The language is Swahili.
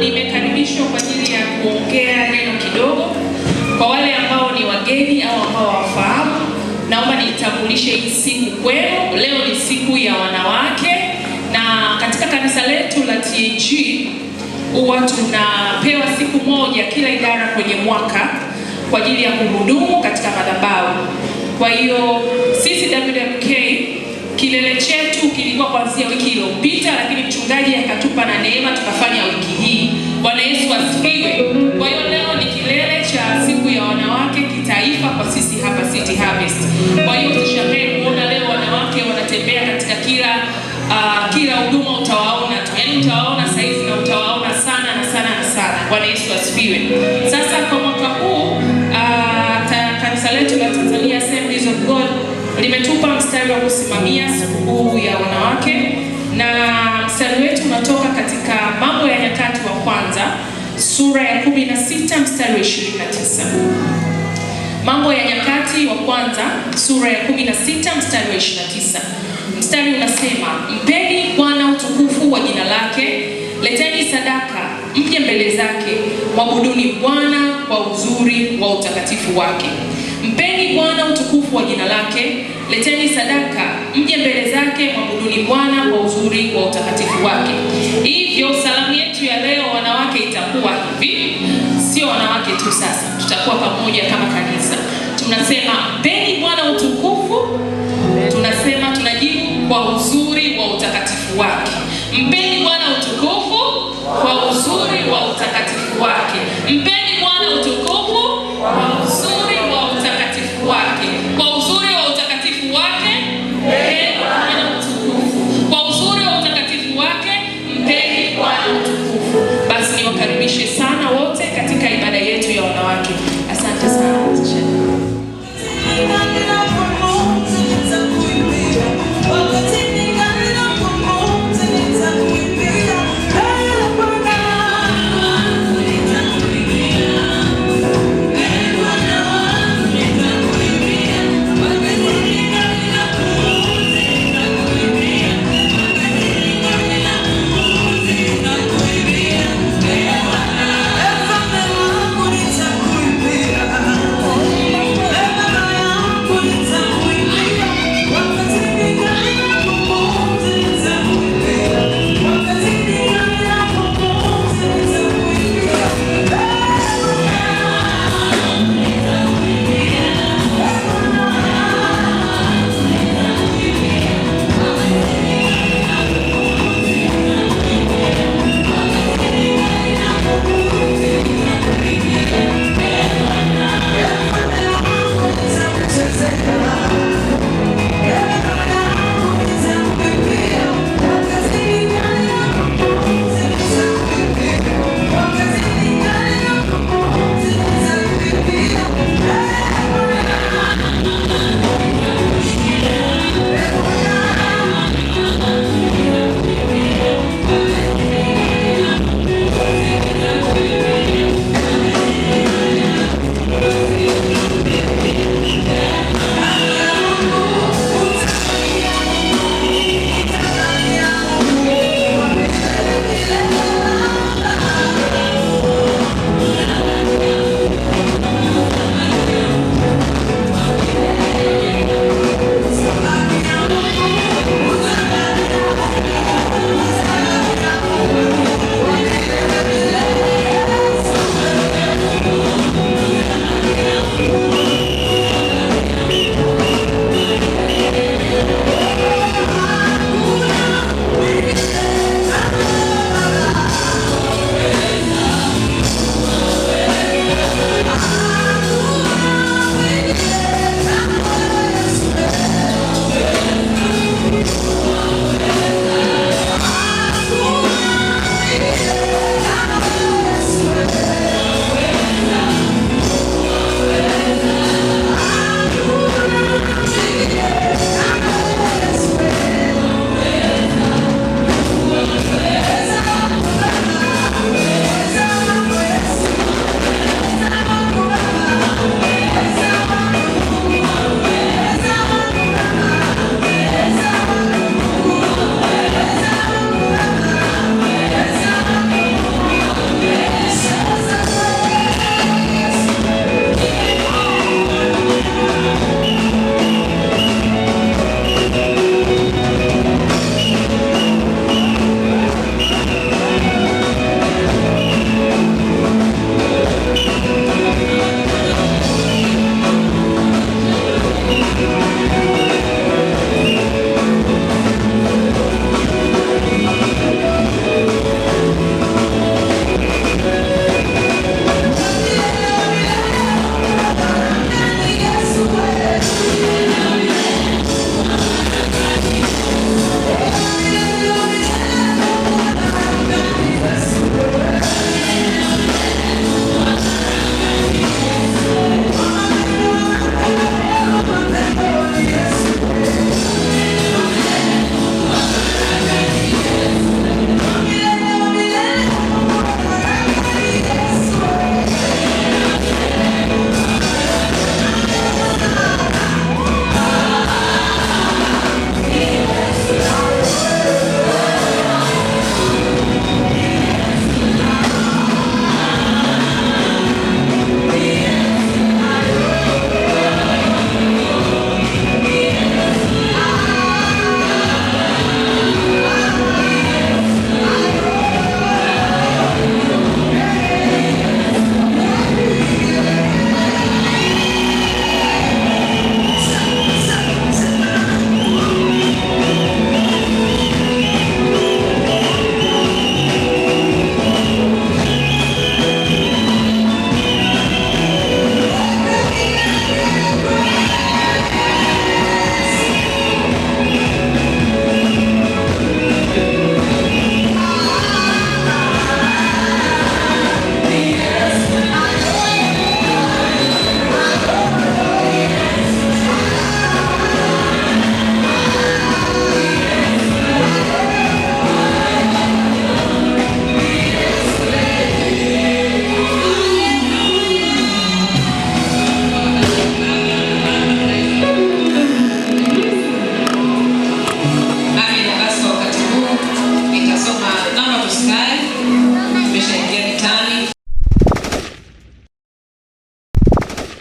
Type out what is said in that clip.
nimekaribishwa ajili ya kuongea neno kidogo kwa wale ambao ambao ni wageni au wafahamu naomba Nitambulishe hii siku kwenu. Leo ni siku ya wanawake na katika kanisa letu la TAG huwa tunapewa siku moja kila idara kwenye mwaka kwa ajili ya kuhudumu katika madhabahu. Kwa hiyo sisi WMK kilele chetu kilikuwa kuanzia wiki iliyopita, lakini mchungaji akatupa na neema asifiwe. Sasa kwa mwaka huu ah, kanisa letu la Tanzania Assemblies of God limetupa mstari wa kusimamia sikukuu ya wanawake, na mstari wetu unatoka katika Mambo ya Nyakati wa Kwanza sura ya 16 mstari wa 29. Mambo ya Nyakati wa Kwanza sura ya 16 mstari wa 29. Mstari unasema, mpeni Bwana utukufu wa jina lake Leteni sadaka, mje mbele zake, mwabuduni Bwana kwa uzuri wa utakatifu wake. Mpeni Bwana utukufu wa jina lake. Leteni sadaka, mje mbele zake, mwabuduni Bwana kwa uzuri wa utakatifu wake. Hivyo salamu yetu ya leo wanawake itakuwa hivi, sio wanawake tu, sasa tutakuwa pamoja kama kanisa. Tunasema mpeni Bwana utukufu, tunasema tunajibu kwa uzuri wa utakatifu wake. Mpeni Bwana utukufu kwa uzuri wa utakatifu wake. Mpeni Bwana utukufu kwa